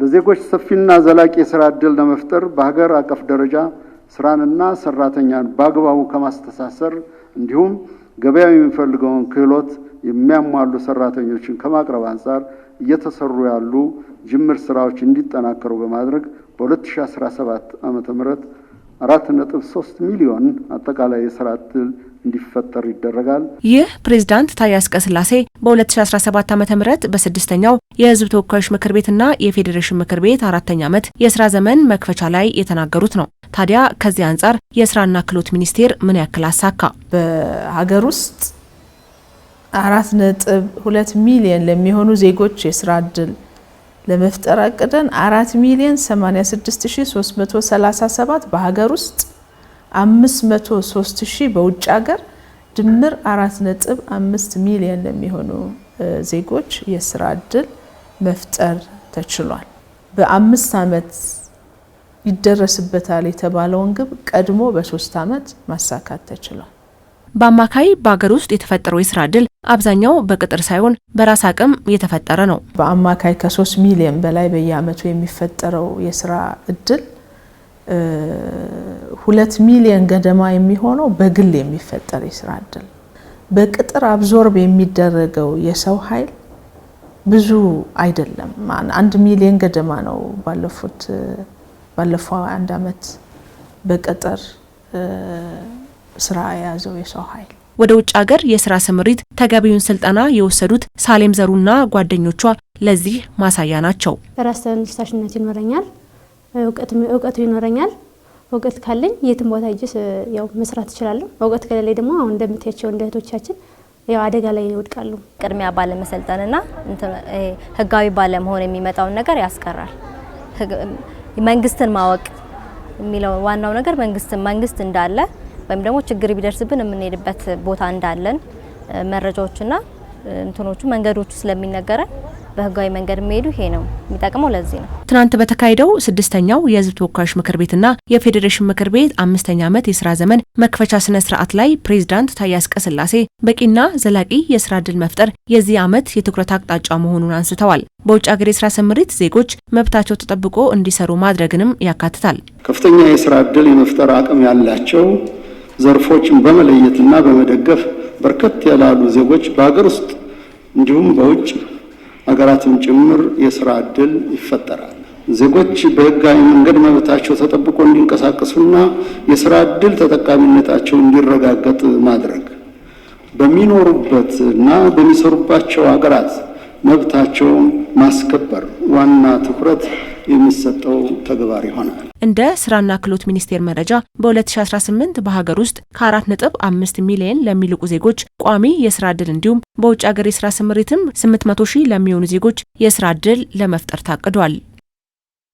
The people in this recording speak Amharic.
ለዜጎች ሰፊና ዘላቂ የስራ እድል ለመፍጠር በሀገር አቀፍ ደረጃ ስራንና ሰራተኛን በአግባቡ ከማስተሳሰር እንዲሁም ገበያው የሚፈልገውን ክህሎት የሚያሟሉ ሰራተኞችን ከማቅረብ አንጻር እየተሰሩ ያሉ ጅምር ስራዎች እንዲጠናከሩ በማድረግ በ2017 ዓ ም 4.3 ሚሊዮን አጠቃላይ የስራ ዕድል እንዲፈጠር ይደረጋል። ይህ ፕሬዝዳንት ታዬ አጽቀሥላሴ በ2017 ዓ ም በስድስተኛው የህዝብ ተወካዮች ምክር ቤትና የፌዴሬሽን ምክር ቤት አራተኛ ዓመት የስራ ዘመን መክፈቻ ላይ የተናገሩት ነው። ታዲያ ከዚህ አንጻር የስራና ክህሎት ሚኒስቴር ምን ያክል አሳካ? በሀገር ውስጥ አራት ነጥብ ሁለት ሚሊየን ለሚሆኑ ዜጎች የስራ እድል ለመፍጠር አቅደን አራት ሚሊየን ሰባት በሀገር ውስጥ ሶስት ሺህ በውጭ ሀገር ድምር አራት ነጥብ አምስት ሚሊየን ለሚሆኑ ዜጎች የስራ እድል መፍጠር ተችሏል። በአምስት ዓመት ይደረስበታል የተባለውን ግብ ቀድሞ በሶስት ዓመት ማሳካት ተችሏል። በአማካይ በሀገር ውስጥ የተፈጠረው የስራ እድል አብዛኛው በቅጥር ሳይሆን በራስ አቅም እየተፈጠረ ነው። በአማካይ ከሶስት ሚሊዮን በላይ በየአመቱ የሚፈጠረው የስራ እድል ሁለት ሚሊዮን ገደማ የሚሆነው በግል የሚፈጠር የስራ እድል። በቅጥር አብዞርብ የሚደረገው የሰው ኃይል ብዙ አይደለም። አንድ ሚሊዮን ገደማ ነው ባለፉት ባለፈው አንድ አመት በቅጥር ስራ የያዘው የሰው ኃይል። ወደ ውጭ ሀገር የስራ ስምሪት ተገቢውን ስልጠና የወሰዱት ሳሌም ዘሩና ጓደኞቿ ለዚህ ማሳያ ናቸው። ራስ ተነሳሽነት ይኖረኛል፣ እውቀቱ ይኖረኛል እውቀት ካለኝ የትም ቦታ ሄጄ ያው መስራት እችላለሁ። እውቀት ከሌለኝ ደግሞ አሁን እንደምታያቸው እንደ እህቶቻችን ያው አደጋ ላይ ይወድቃሉ። ቅድሚያ ባለመሰልጠንና ህጋዊ ባለመሆን የሚመጣውን ነገር ያስቀራል። መንግስትን ማወቅ የሚለው ዋናው ነገር መንግስትን መንግስት እንዳለ ወይም ደግሞ ችግር ቢደርስብን የምንሄድበት ቦታ እንዳለን መረጃዎችና እንትኖቹ መንገዶቹ ስለሚነገረን በህጋዊ መንገድ የሚሄዱ ይሄ ነው የሚጠቅመው። ለዚህ ነው ትናንት በተካሄደው ስድስተኛው የህዝብ ተወካዮች ምክር ቤትና የፌዴሬሽን ምክር ቤት አምስተኛ ዓመት የስራ ዘመን መክፈቻ ስነ ስርዓት ላይ ፕሬዚዳንት ታዬ አጽቀሥላሴ በቂና ዘላቂ የስራ እድል መፍጠር የዚህ ዓመት የትኩረት አቅጣጫ መሆኑን አንስተዋል። በውጭ ሀገር የስራ ስምሪት ዜጎች መብታቸው ተጠብቆ እንዲሰሩ ማድረግንም ያካትታል። ከፍተኛ የስራ እድል የመፍጠር አቅም ያላቸው ዘርፎችን በመለየትና በመደገፍ በርከት ያላሉ ዜጎች በሀገር ውስጥ እንዲሁም በውጭ ሀገራትም ጭምር የስራ ዕድል ይፈጠራል። ዜጎች በህጋዊ መንገድ መብታቸው ተጠብቆ እንዲንቀሳቀሱና የስራ ዕድል ተጠቃሚነታቸው እንዲረጋገጥ ማድረግ በሚኖሩበት እና በሚሰሩባቸው ሀገራት መብታቸውን ማስከበር ዋና ትኩረት የሚሰጠው ተግባር ይሆናል። እንደ ስራና ክህሎት ሚኒስቴር መረጃ በ2018 በሀገር ውስጥ ከአራት ነጥብ አምስት ሚሊየን ለሚልቁ ዜጎች ቋሚ የስራ እድል እንዲሁም በውጭ ሀገር የስራ ስምሪትም 800 ሺህ ለሚሆኑ ዜጎች የስራ እድል ለመፍጠር ታቅዷል።